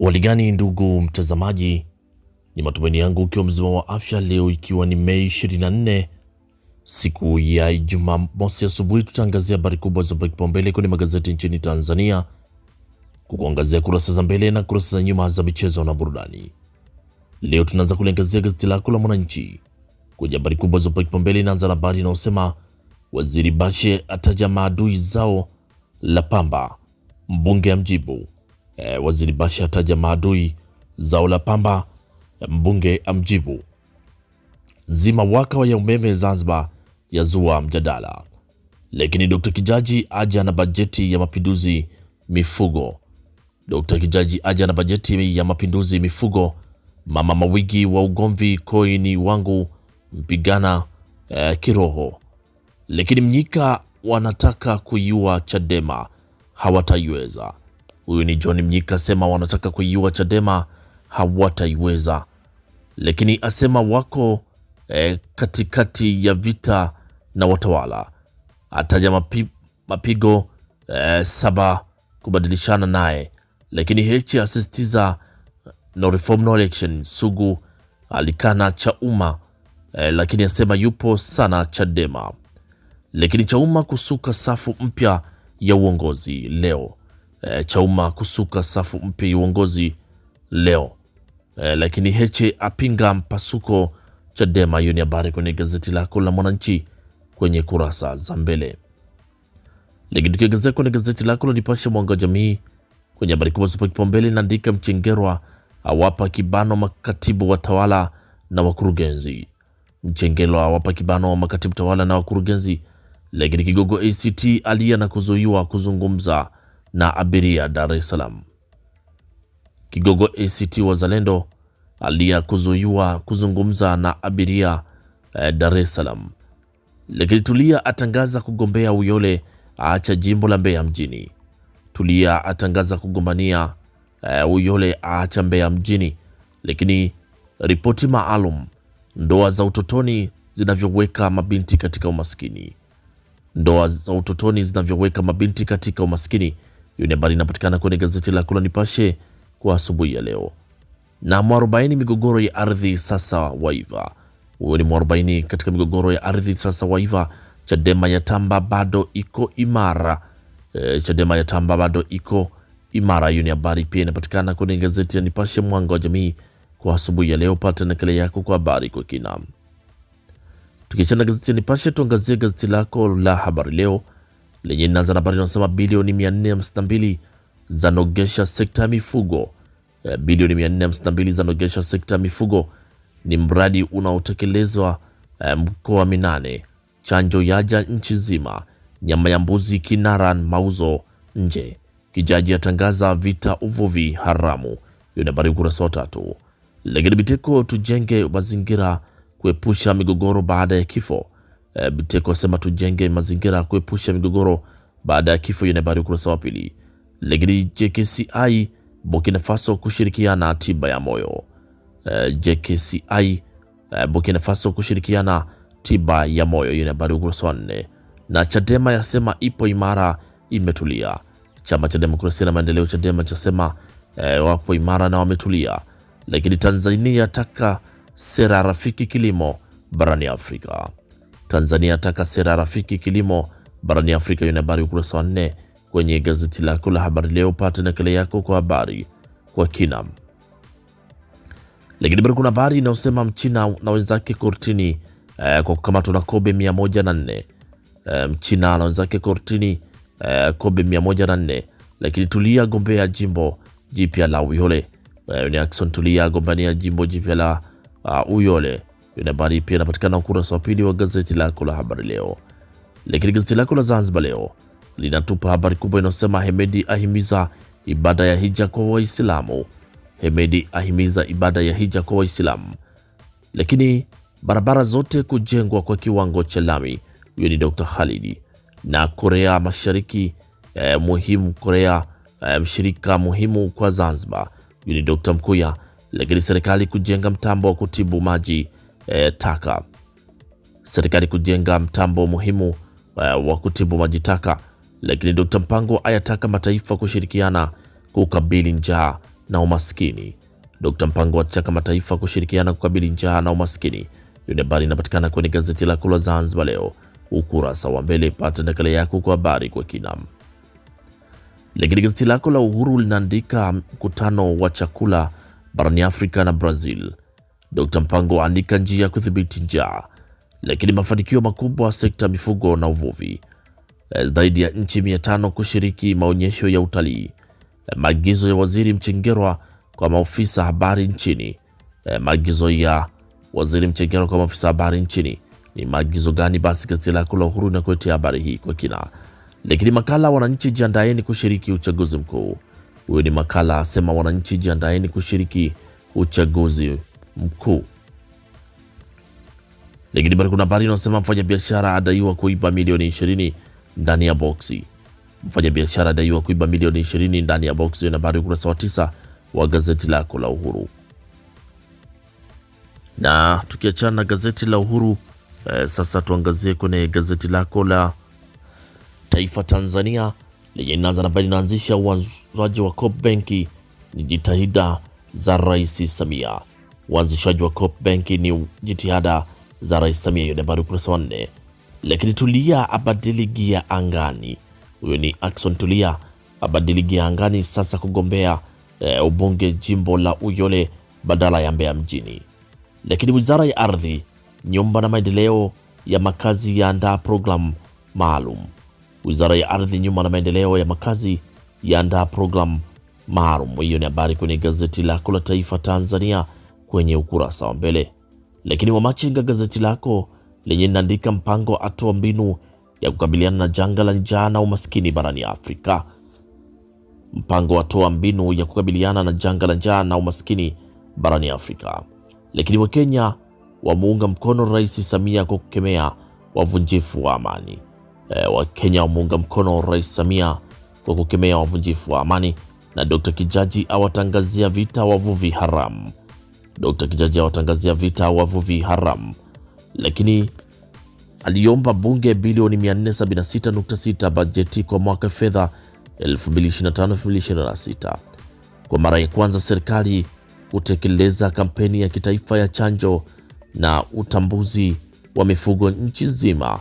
Waligani ndugu mtazamaji, ni matumaini yangu ukiwa mzima wa afya leo, ikiwa ni Mei 24 siku ya Ijumaa mosi asubuhi, tutaangazia habari kubwa zopa kipaumbele kwenye magazeti nchini Tanzania, kukuangazia kurasa za mbele na kurasa za nyuma za michezo na burudani. Leo tunaanza kuliangazia gazeti lako la Mwananchi kwenye habari kubwa zopa kipaumbele. Inaanza na habari inayosema waziri Bashe ataja maadui zao la pamba, mbunge ya mjibu E, waziri Bashe ataja maadui zao la pamba, mbunge amjibu. Zima waka ya umeme Zanzibar ya zua mjadala, lakini Dr. Kijaji aja na bajeti ya mapinduzi mifugo. Dr. Kijaji aja na bajeti ya mapinduzi mifugo. Mama mawigi wa ugomvi koini wangu mpigana eh, kiroho. Lakini Mnyika wanataka kuiua Chadema hawataiweza. Huyu ni John Mnyika asema wanataka kuiua Chadema hawataiweza, lakini asema wako eh, katikati ya vita na watawala. Ataja mapi, mapigo eh, saba kubadilishana naye, lakini Heche asisitiza no reform no election. Sugu alikana Chauma eh, lakini asema yupo sana Chadema, lakini Chauma kusuka safu mpya ya uongozi leo Eh, cha Chauma kusuka safu mpya uongozi leo e, lakini Heche apinga mpasuko Chadema. Hiyo ni habari kwenye gazeti lako la Mwananchi kwenye kurasa za mbele. Lakini tukiangazia kwenye gazeti lako la Nipashe Mwanga wa Jamii kwenye habari kubwa zipo kipaumbele, inaandika Mchengerwa awapa kibano makatibu watawala na wakurugenzi. Mchengerwa awapa kibano makatibu tawala na wakurugenzi. Lakini kigogo ACT alia na kuzuiwa kuzungumza na abiria Dar es Salaam. Kigogo ACT Wazalendo aliyakuzuiwa kuzungumza na abiria eh, Dar es Salaam, lakini Tulia atangaza kugombea Uyole, aacha jimbo la Mbeya mjini. Tulia atangaza kugombania eh, Uyole, aacha Mbeya mjini. Lakini ripoti maalum, ndoa za utotoni zinavyoweka mabinti katika umaskini, ndoa za utotoni zinavyoweka mabinti katika umaskini. Hiyo ni habari inapatikana kwenye gazeti lako la Nipashe kwa asubuhi ya leo. Na mwarobaini migogoro ya ardhi sasa waiva. Huyo ni mwarobaini katika migogoro ya ardhi sasa waiva. Chadema ya tamba bado iko imara. E, Chadema ya tamba bado iko imara. Hiyo ni habari pia inapatikana kwenye gazeti ya Nipashe mwanga wa jamii kwa asubuhi ya leo. Pata nakala yako kwa habari kwa kina. Tukichana gazeti ya Nipashe, tuangazie gazeti lako la habari leo lenye linaanza na habari inasema bilioni 452 za nogesha sekta ya mifugo. Eh, bilioni 452 za nogesha sekta ya mifugo ni mradi unaotekelezwa eh, mkoa minane. Chanjo yaja nchi nzima. Nyama ya mbuzi kinara mauzo nje. Kijaji atangaza vita uvuvi haramu. Hiyo ni habari ukurasa wa tatu. Lakini Biteko, tujenge mazingira kuepusha migogoro baada ya kifo e, eh, Biteko asema tujenge mazingira ya kuepusha migogoro baada ya kifo. Hiyo ni habari ukurasa wa pili. Lakini JKCI Burkina Faso kushirikiana tiba ya moyo. E, eh, JKCI e, eh, Burkina Faso kushirikiana tiba ya moyo. Hiyo ni habari ukurasa wa nne. Na Chadema yasema ipo imara, imetulia. Chama cha Demokrasia na Maendeleo Chadema chasema e, wapo imara na wametulia. Lakini Tanzania yataka sera rafiki kilimo barani Afrika. Tanzania ataka sera rafiki kilimo barani Afrika. Hiyo ni habari ukurasa wa nne kwenye gazeti lako la Habari Leo. Pata nakala yako kwa habari kwa kina. Lakini bado kuna habari inayosema Mchina na wenzake kortini eh, kwa kukamatwa na kobe 104. Eh, Mchina na wenzake kortini eh, kobe 104. Lakini Tulia gombea jimbo jipya la Uyole. Eh, ni Ackson Tulia gombania jimbo jipya la uh, Uyole habari pia inapatikana ukurasa wa pili wa gazeti lako la habari leo. Lakini gazeti lako la Zanzibar leo linatupa habari kubwa inayosema Hemedi ahimiza ibada ya hija kwa Waislamu. Hemedi ahimiza ibada ya hija kwa Waislamu. Lakini barabara zote kujengwa kwa kiwango cha lami, huyo ni Dr. Khalidi. Na Korea Mashariki eh, muhimu Korea eh, mshirika muhimu kwa Zanzibar, huyo ni Dr. Mkuya. Lakini serikali kujenga mtambo wa kutibu maji e, taka. Serikali kujenga mtambo muhimu e, wa kutibu maji taka, lakini Dr. Mpango ayataka mataifa kushirikiana kukabili njaa na umaskini. Dr. Mpango ataka mataifa kushirikiana kukabili njaa na umaskini. Hiyo ni habari inapatikana kwenye gazeti la kula Zanzibar Leo ukurasa wa mbele, pata nakala yako kwa habari kwa kina. Lakini gazeti lako la Uhuru linaandika mkutano wa chakula barani Afrika na Brazil Dr. Mpango waanika njia ya kudhibiti njaa, lakini mafanikio makubwa sekta mifugo na uvuvi. Eh, zaidi ya nchi 500 kushiriki maonyesho ya utalii. Eh, maagizo ya Waziri Mchengerwa kwa maofisa habari nchini. Eh, maagizo ya Waziri Mchengerwa kwa maofisa habari nchini ni maagizo gani? Basi gazeti lako la Uhuru na kuletea habari hii kwa kina. Lakini makala wananchi jiandaeni kushiriki uchaguzi mkuu. Huyo ni makala asema wananchi jiandaeni kushiriki uchaguzi mkuu. Lakini bado kuna habari inasema mfanyabiashara adaiwa kuiba milioni ishirini ndani ya boksi. Mfanyabiashara adaiwa kuiba milioni ishirini ndani ya boksi na habari ukurasa wa tisa wa gazeti lako la Uhuru. Na tukiachana na gazeti la Uhuru eh, sasa tuangazie kwenye gazeti lako la Taifa Tanzania lenye inaanza na habari inaanzisha uanzaji wa benki ni jitihada za Rais Samia uanzishwaji wa Coop Bank ni jitihada za Rais Samia, hiyo ni habari ukurasa wa nne. Lakini Tulia abadili gia angani, huyo ni Ackson Tulia abadili gia angani sasa kugombea e, ubunge jimbo la Uyole badala ya Mbeya mjini. Lakini wizara ya ardhi, nyumba na maendeleo ya makazi yaandaa programu maalum. Wizara ya ardhi, nyumba na maendeleo ya makazi yaandaa programu maalum. Hiyo ni habari kwenye gazeti lako la Taifa Tanzania kwenye ukurasa wa mbele. Lakini Wamachinga, gazeti lako lenye linaandika mpango atoa mbinu ya kukabiliana na janga la njaa na umaskini barani Afrika. Mpango watoa mbinu ya kukabiliana na janga la njaa na umaskini barani Afrika. Lakini Wakenya wamuunga mkono Rais Samia kwa kukemea wavunjifu wa amani. E, Wakenya wamuunga mkono Rais Samia kwa kukemea wavunjifu wa amani. Na Dr. Kijaji awatangazia vita wavuvi haramu. Dr. Kijaji awatangazia vita wavuvi haram lakini aliomba bunge bilioni 476.6 bajeti kwa mwaka fedha 2025/2026. Kwa mara ya kwanza serikali kutekeleza kampeni ya kitaifa ya chanjo na utambuzi wa mifugo nchi nzima,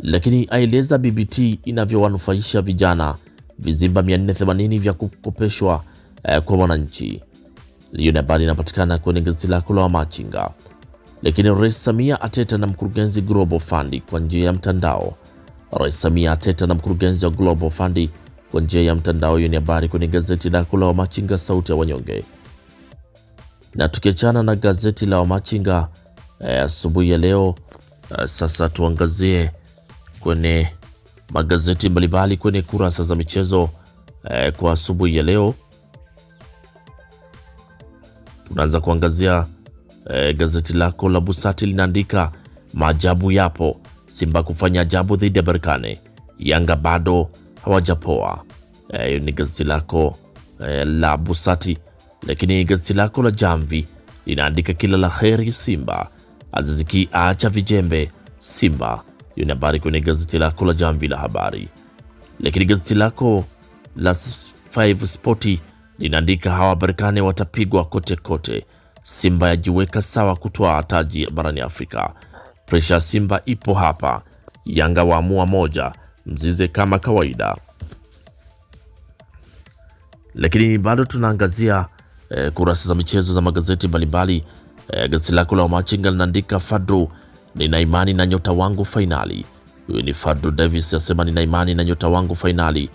lakini aeleza BBT inavyowanufaisha vijana, vizimba 480 vya kukopeshwa eh, kwa wananchi. Hiyo ni habari inapatikana kwenye gazeti lako la Wamachinga. Lakini Rais Samia ateta na mkurugenzi Global Fund kwa njia ya mtandao. Rais Samia ateta na mkurugenzi wa Global Fund kwa njia ya mtandao. Hiyo ni habari kwenye gazeti lako la Wamachinga, sauti ya wanyonge. Na tukiachana na gazeti la Wamachinga eh, asubuhi eh, ya leo eh, sasa tuangazie kwenye magazeti mbalimbali kwenye kurasa za michezo eh, kwa asubuhi ya leo Unaanza kuangazia e, gazeti lako la Busati linaandika maajabu yapo, Simba kufanya ajabu dhidi ya Berkane, Yanga bado hawajapoa. E, ni gazeti lako e, la Busati. Lakini gazeti lako la Jamvi linaandika kila la heri Simba, Aziziki aacha vijembe Simba. Hiyo ni habari kwenye gazeti lako la Jamvi la Habari. Lakini gazeti lako la 5 Spoti linaandika hawa Marekani watapigwa kote kote. Simba yajiweka sawa kutoa taji barani Afrika. Presha Simba ipo hapa. Yanga waamua moja, Mzize kama kawaida. Lakini bado tunaangazia e, kurasa za michezo za magazeti mbalimbali. e, gazeti lako la machinga linaandika Fadru, nina imani na nyota wangu fainali. Huyu ni Fadru Davis asema nina imani na nyota wangu fainali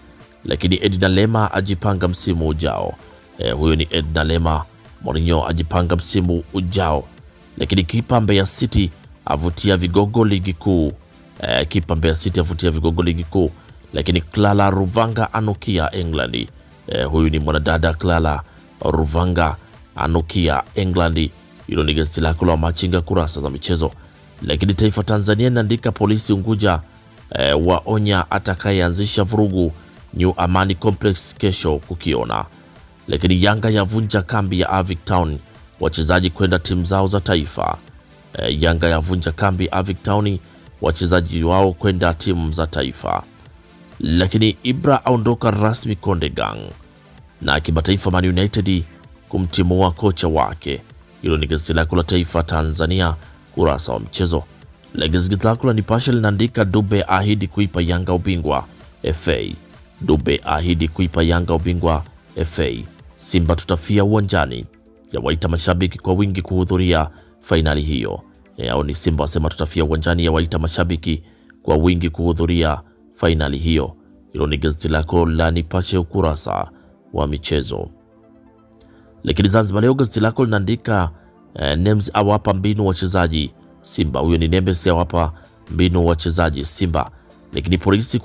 lakini Edna Lema ajipanga msimu ujao. E, huyo ni Edna Lema. Mourinho ajipanga msimu ujao, lakini kipa Mbeya City avutia vigogo ligi kuu. E, eh, kipa Mbeya City avutia vigogo ligi kuu, lakini Clara Ruvanga anukia England. E, huyu ni mwanadada Clara Ruvanga anukia England. Hilo ni gazeti lako la Machinga kurasa za michezo. Lakini Taifa Tanzania inaandika polisi Unguja e, waonya atakayeanzisha vurugu New Amani Complex kesho kukiona. Lakini Yanga yavunja kambi ya Avic Town, wachezaji kwenda timu zao za taifa. E, Yanga yavunja kambi Avic Town, wachezaji wao kwenda timu za taifa. Lakini Ibra aondoka rasmi Konde Gang na kimataifa, Man United kumtimua kocha wake. Hilo ni gazeti lako la Taifa Tanzania kurasa wa mchezo. La gazeti lako la Nipashe linaandika Dube ahidi kuipa Yanga ubingwa FA Dube ahidi kuipa Yanga ubingwa FA. Simba tutafia uwanjani, yawaita mashabiki kwa wingi kuhudhuria fainali hiyo. Yao ni Simba wasema tutafia uwanjani, yawaita mashabiki kwa wingi kuhudhuria fainali hiyo. Hilo ni gazeti lako la Nipashe ukurasa wa michezo. Lakini Zanzibar Leo gazeti lako linaandika eh, Nems awapa mbinu wachezaji Simba. Huyo ni Nemes awapa mbinu wachezaji Simba lakini polisi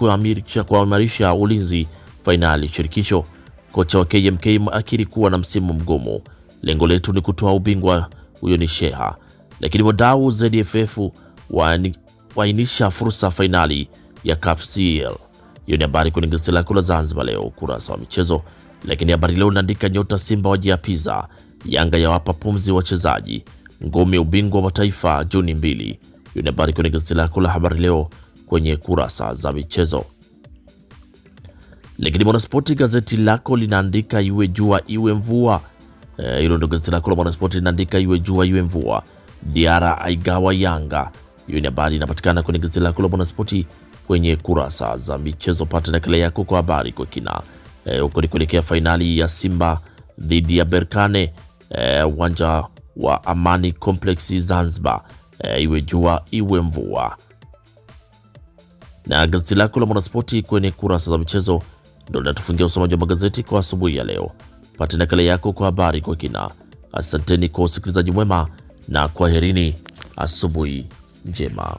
kuimarisha ulinzi fainali shirikisho. Kocha wa KMK akiri kuwa na msimu mgumu. Lengo letu ni kutoa ubingwa, huyo ni Sheha. Lakini wadau ZFF waainisha fursa fainali ya CAF CL. Hiyo ni habari kwenye gazeti lako la Zanzibar Leo ukurasa wa michezo. Lakini habari leo inaandika nyota Simba wajiapiza, Yanga yawapa pumzi wachezaji, ngome ubingwa wa taifa Juni mbili. Hiyo ni habari kwenye gazeti lako la Habari Leo kwenye kurasa za michezo. Lakini Mwanaspoti gazeti lako linaandika iwe jua iwe mvua. Eh, hilo e, ndio gazeti lako la Mwanaspoti linaandika iwe jua iwe mvua. Diara aigawa Yanga. Hiyo ni habari inapatikana kwenye gazeti lako la Mwanaspoti kwenye kurasa za michezo. Pata nakala yako kwa habari kwa kina eh, huko. E, ni kuelekea fainali ya Simba dhidi ya Berkane eh, uwanja e, wa Amani Complex Zanzibar. E, iwe jua iwe mvua. Na gazeti lako la Mwanaspoti kwenye kurasa za michezo ndio linatufungia usomaji wa magazeti kwa asubuhi ya leo. Pata nakala yako kwa habari kwa kina. Asanteni kwa usikilizaji mwema na kwaherini, asubuhi njema.